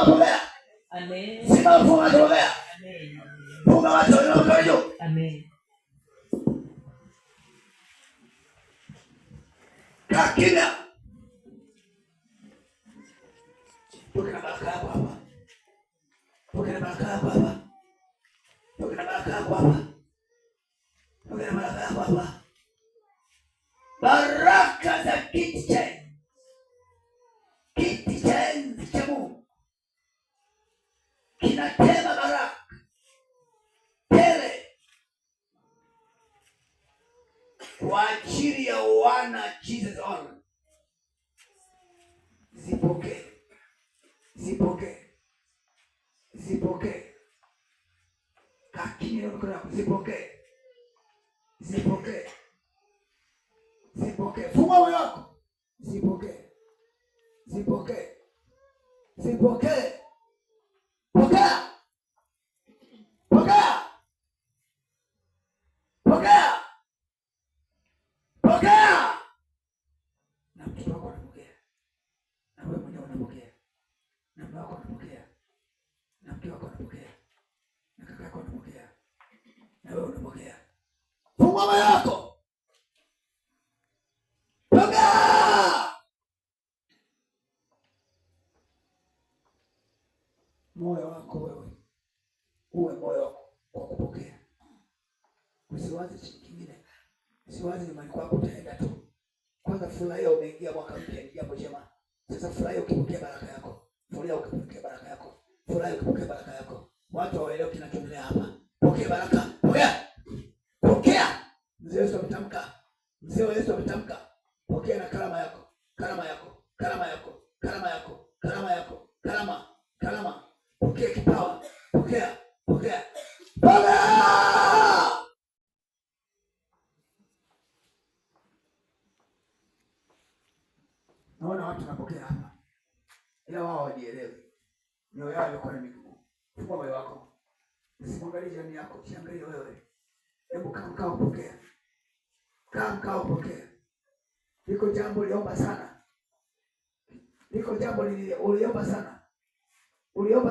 Unawatolea. Amen. Simama unawatolea. Amen. Unawatolea utojo. Amen. Kakina. Bukana baraka yako hapa. Bukana baraka yako hapa. Bukana baraka yako hapa. Bukana baraka yako Baraka za kiti kwa ajili ya wana Jesus on. Zipokee, zipokee, zipokee, kakini mikono, zipokee, zipokee, zipokee, fungua moyo wako, zipokee, zipokee, zipokee mke wako anapokea, na wewe mwenyewe unapokea, na mume wako anapokea, na mke wako anapokea, na kaka yako anapokea, na wewe unapokea. Fungua moyo wako, pokea moyo wako, wewe uwe moyo kwa kupokea, usiwazi kitu kingine, usiwazi imani kwako utaenda tu kwanza furahia, umeingia mwaka mpya, ni jambo jema. Sasa furahia ukipokea baraka yako, furahia ukipokea baraka yako, furahia ukipokea baraka yako. Watu hawaelewi kinachoendelea hapa. Pokea baraka, pokea, pokea. Mzee Yesu ametamka, mzee wa Yesu ametamka, pokea na karama yako, karama yako, karama yako, karama yako, karama yako, karama, karama. Pokea kipawa, pokea, pokea, pokea. Naona watu wanapokea hapa, ila wao wajielewe, mioyo yao ilikuwa na miguu. Chukua moyo wako, usimwangalie jirani yako, jiangalie wewe. Hebu kaa mkao upokea, kaa mkao upokea. Liko jambo uliomba sana, liko jambo uliomba sana, uliomba